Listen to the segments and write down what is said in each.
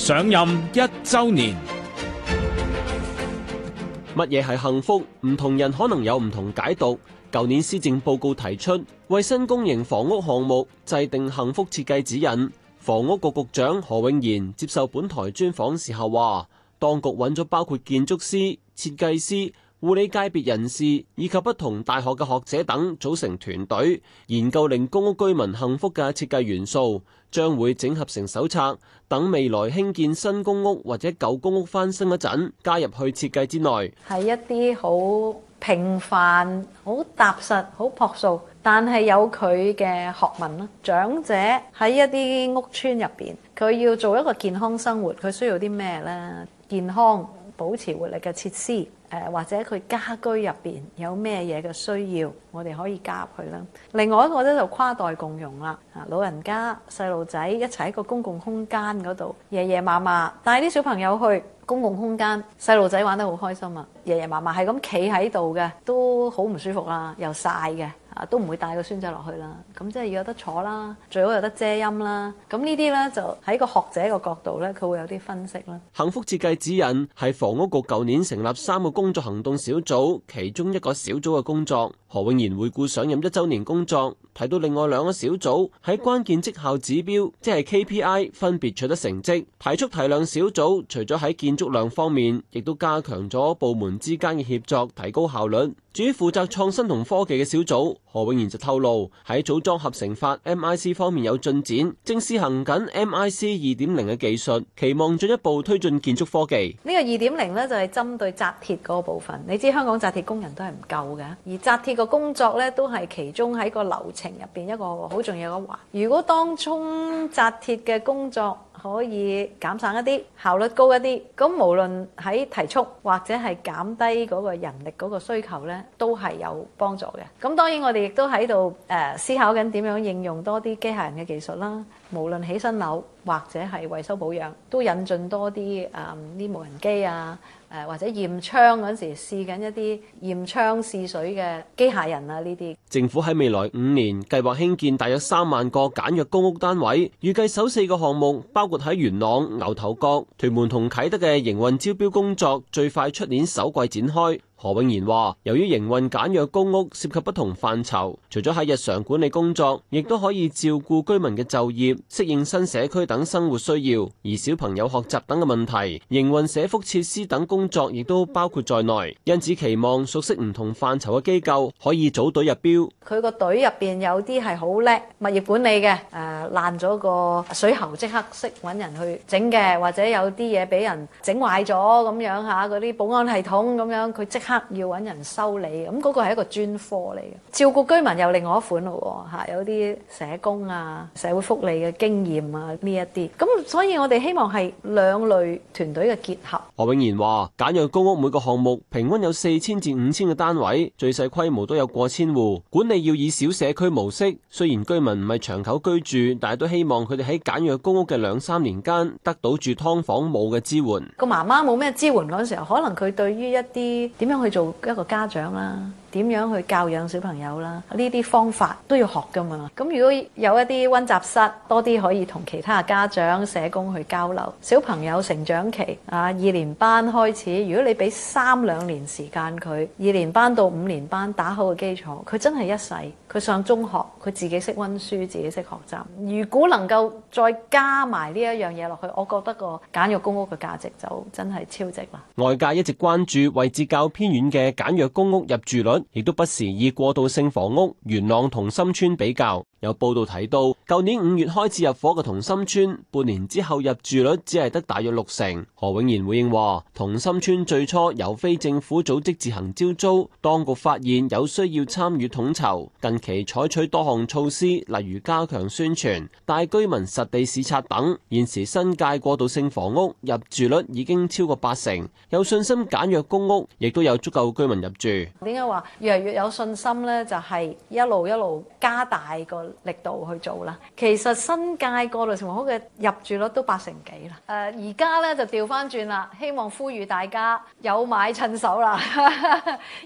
上任一周年，乜嘢係幸福？唔同人可能有唔同解讀。舊年施政報告提出，為新公營房屋項目制定幸福設計指引，房屋局局局長何永賢接受本台專訪時候話，當局揾咗包括建築師、設計師，護理界別人士以及不同大學嘅學者等組成團隊，研究令公屋居民幸福嘅設計元素，將會整合成手冊，等未來興建新公屋或者舊公屋翻新嗰陣加入去設計之內。係一啲好平凡、好踏實、好樸素，但係有佢嘅學問啦。長者喺一啲屋村入邊，佢要做一個健康生活，佢需要啲咩呢？健康保持活力嘅設施。誒或者佢家居入邊有咩嘢嘅需要，我哋可以加入佢啦。另外一個咧就跨代共融啦，啊，老人家、細路仔一齊喺個公共空間嗰度，爺爺嫲嫲帶啲小朋友去公共空間，細路仔玩得好開心啊！爺爺嫲嫲係咁企喺度嘅，都好唔舒服啦，啊，又曬嘅。啊，都唔會帶個孫仔落去啦。咁即係要有得坐啦，最好有得遮陰啦。咁呢啲咧就喺個學者嘅角度咧，佢會有啲分析啦。幸福設計指引係房屋局舊年成立三個工作行動小組，其中一個小組嘅工作。何永賢回顧上任一週年工作，提到另外兩個小組喺關鍵績效指標，即係 KPI，分別取得成績，提速提量小組除咗喺建築量方面，亦都加強咗部門之間嘅協作，提高效率。至於負責創新同科技嘅小組。何永賢就透露喺組裝合成法 MIC 方面有進展，正試行緊 MIC 二點零嘅技術，期望進一步推進建築科技。呢個二點零呢就係針對紮鐵嗰個部分，你知香港紮鐵工人都係唔夠嘅，而紮鐵個工作呢，都係其中喺個流程入邊一個好重要嘅環。如果當中紮鐵嘅工作，可以減省一啲，效率高一啲，咁無論喺提速或者係減低嗰個人力嗰個需求呢，都係有幫助嘅。咁當然我哋亦都喺度誒思考緊點樣應用多啲機械人嘅技術啦，無論起新樓。或者係維修保養，都引進多啲誒呢無人機啊，誒或者驗窗嗰時試緊一啲驗窗試水嘅機械人啊，呢啲。政府喺未來五年計劃興建大約三萬個簡約公屋單位，預計首四個項目包括喺元朗、牛頭角、屯門同啟德嘅營運招標工作，最快出年首季展開。何永賢話，由於營運簡約公屋涉及不同範疇，除咗喺日常管理工作，亦都可以照顧居民嘅就業、適應新社區等生活需要，而小朋友學習等嘅問題，營運社福設施等工作亦都包括在內。因此期望熟悉唔同範疇嘅機構可以組隊入標。佢個隊入邊有啲係好叻物業管理嘅，誒爛咗個水喉即刻識搵人去整嘅，或者有啲嘢俾人整壞咗咁樣吓，嗰啲保安系統咁樣，佢即刻要揾人修理，咁嗰個係一個專科嚟嘅。照顧居民又另外一款咯，吓有啲社工啊、社會福利嘅經驗啊呢一啲。咁所以我哋希望係兩類團隊嘅結合。何永賢話：簡約公屋每個項目平均有四千至五千嘅單位，最細規模都有過千戶，管理要以小社區模式。雖然居民唔係長久居住，但係都希望佢哋喺簡約公屋嘅兩三年間得到住劏房冇嘅支援。個媽媽冇咩支援嗰陣時候，可能佢對於一啲點樣去做一個家長啦。點樣去教養小朋友啦？呢啲方法都要學噶嘛。咁如果有一啲温習室，多啲可以同其他家長、社工去交流。小朋友成長期啊，二年班開始，如果你俾三兩年時間佢，二年班到五年班打好個基礎，佢真係一世，佢上中學，佢自己識温書，自己識學習。如果能夠再加埋呢一樣嘢落去，我覺得個簡約公屋嘅價值就真係超值啦。外界一直關注位置較偏遠嘅簡約公屋入住率。亦都不時以過渡性房屋、元朗同心村比較。有報道提到，舊年五月開始入伙嘅同心村，半年之後入住率只係得大約六成。何永賢回應話：同心村最初由非政府組織自行招租，當局發現有需要參與統籌，近期採取多項措施，例如加強宣傳、帶居民實地視察等。現時新界過渡性房屋入住率已經超過八成，有信心簡約公屋，亦都有足夠居民入住。點解話越嚟越有信心呢？就係一路一路加大個力度去做啦，其實新界個度情況好嘅入住率都八成幾啦。誒，而家咧就調翻轉啦，希望呼籲大家有買趁手啦，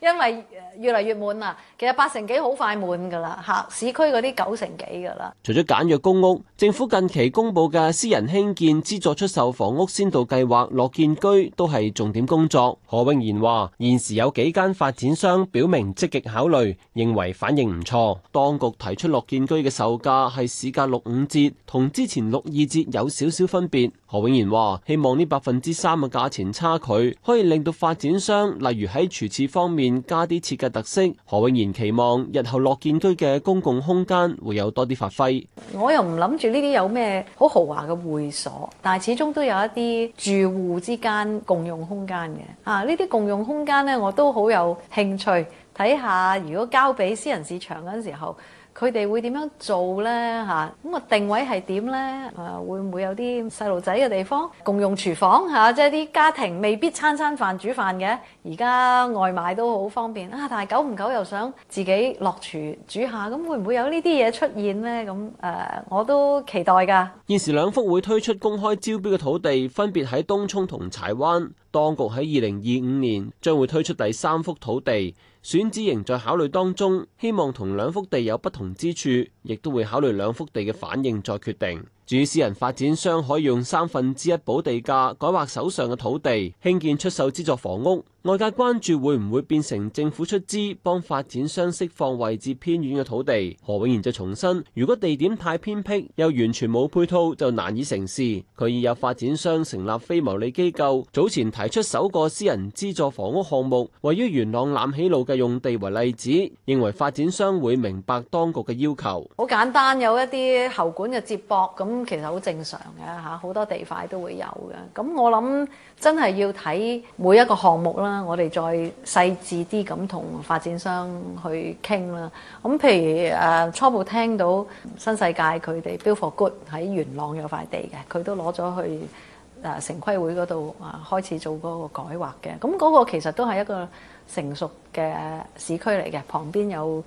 因為越嚟越滿啦。其實八成幾好快滿㗎啦，嚇市區嗰啲九成幾㗎啦。除咗簡約公屋，政府近期公布嘅私人興建資助出售房屋先導計劃《樂建居》都係重點工作。何永賢話：現時有幾間發展商表明積極考慮，認為反應唔錯。當局提出《樂建居》。居嘅售價係市價六五折，同之前六二折有少少分別。何永賢話：希望呢百分之三嘅價錢差距，可以令到發展商例如喺廚廁方面加啲設計特色。何永賢期望日後樂建居嘅公共空間會有多啲發揮。我又唔諗住呢啲有咩好豪華嘅會所，但係始終都有一啲住戶之間共用空間嘅。啊，呢啲共用空間咧，我都好有興趣睇下，看看如果交俾私人市場嗰陣時候，佢哋會點樣做呢？嚇、啊？咁、那、啊、個、定位係點呢？誒、啊、會唔會有啲細路仔嘅地方，共用廚房嚇、啊？即係啲家庭未必餐餐飯煮飯嘅，而家外賣都好方便啊！但係久唔久又想自己落廚煮下，咁會唔會有呢啲嘢出現呢？咁、啊、誒，我都期待㗎。現時兩幅會推出公開招標嘅土地，分別喺東涌同柴灣。當局喺二零二五年將會推出第三幅土地，選址仍在考慮當中，希望同兩幅地有不同之處。亦都會考慮兩幅地嘅反應，再決定。至於私人發展商可以用三分之一補地價改劃手上嘅土地，興建出售資助房屋。外界關注會唔會變成政府出資幫發展商釋放位置偏遠嘅土地？何永賢就重申，如果地點太偏僻又完全冇配套，就難以成事。佢以有發展商成立非牟利機構，早前提出首個私人資助房屋項目，位於元朗攬起路嘅用地為例子，認為發展商會明白當局嘅要求。好簡單，有一啲喉管嘅接駁，咁其實好正常嘅嚇，好多地塊都會有嘅。咁我諗真係要睇每一個項目啦，我哋再細緻啲咁同發展商去傾啦。咁譬如誒初步聽到新世界佢哋 Build for Good 喺元朗有塊地嘅，佢都攞咗去誒城規會嗰度啊開始做嗰個改劃嘅。咁、那、嗰個其實都係一個成熟嘅市區嚟嘅，旁邊有，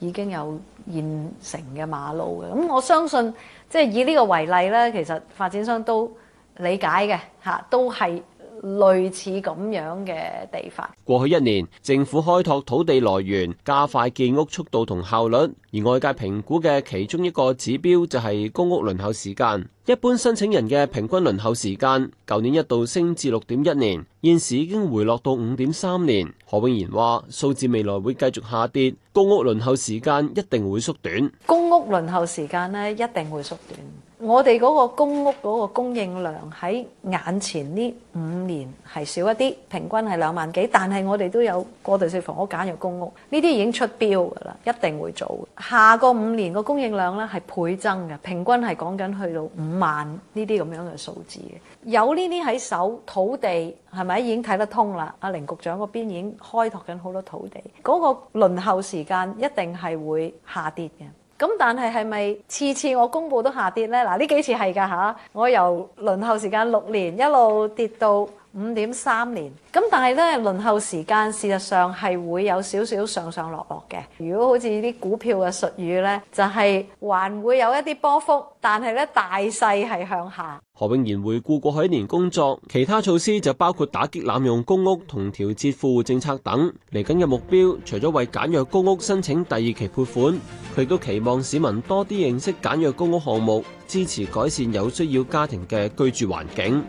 已經有現成嘅馬路嘅，咁我相信即係，就是，以呢個為例咧，其實發展商都理解嘅，嚇都係。類似咁樣嘅地方。過去一年，政府開拓土地來源，加快建屋速度同效率，而外界評估嘅其中一個指標就係公屋輪候時間。一般申請人嘅平均輪候時間，舊年一度升至六點一年，現時已經回落到五點三年。何永賢話：數字未來會繼續下跌，公屋輪候時間一定會縮短。公屋輪候時間呢，一定會縮短。我哋嗰個公屋嗰個供應量喺眼前呢五年係少一啲，平均係兩萬幾。但係我哋都有過渡性房屋、簡約公屋，呢啲已經出標㗎啦，一定會做。下個五年個供應量呢係倍增嘅，平均係講緊去到五萬呢啲咁樣嘅數字嘅。有呢啲喺手土地係咪已經睇得通啦？阿甯局長嗰邊已經開拓緊好多土地，嗰、那個輪候時間一定係會下跌嘅。咁但係係咪次次我公布都下跌咧？嗱，呢幾次係㗎嚇，我由輪候時間六年一路跌到。五點三年，咁但係咧，輪候時間事實上係會有少，少少上上落落嘅。如果好似啲股票嘅術語呢，就係、是、還會有一啲波幅，但係咧大勢係向下。何永賢回顧過去一年工作，其他措施就包括打擊濫用公屋同調節富戶政策等。嚟緊嘅目標，除咗為簡約公屋申請第二期撥款，佢都期望市民多啲認識簡約公屋項目，支持改善有需要家庭嘅居住環境。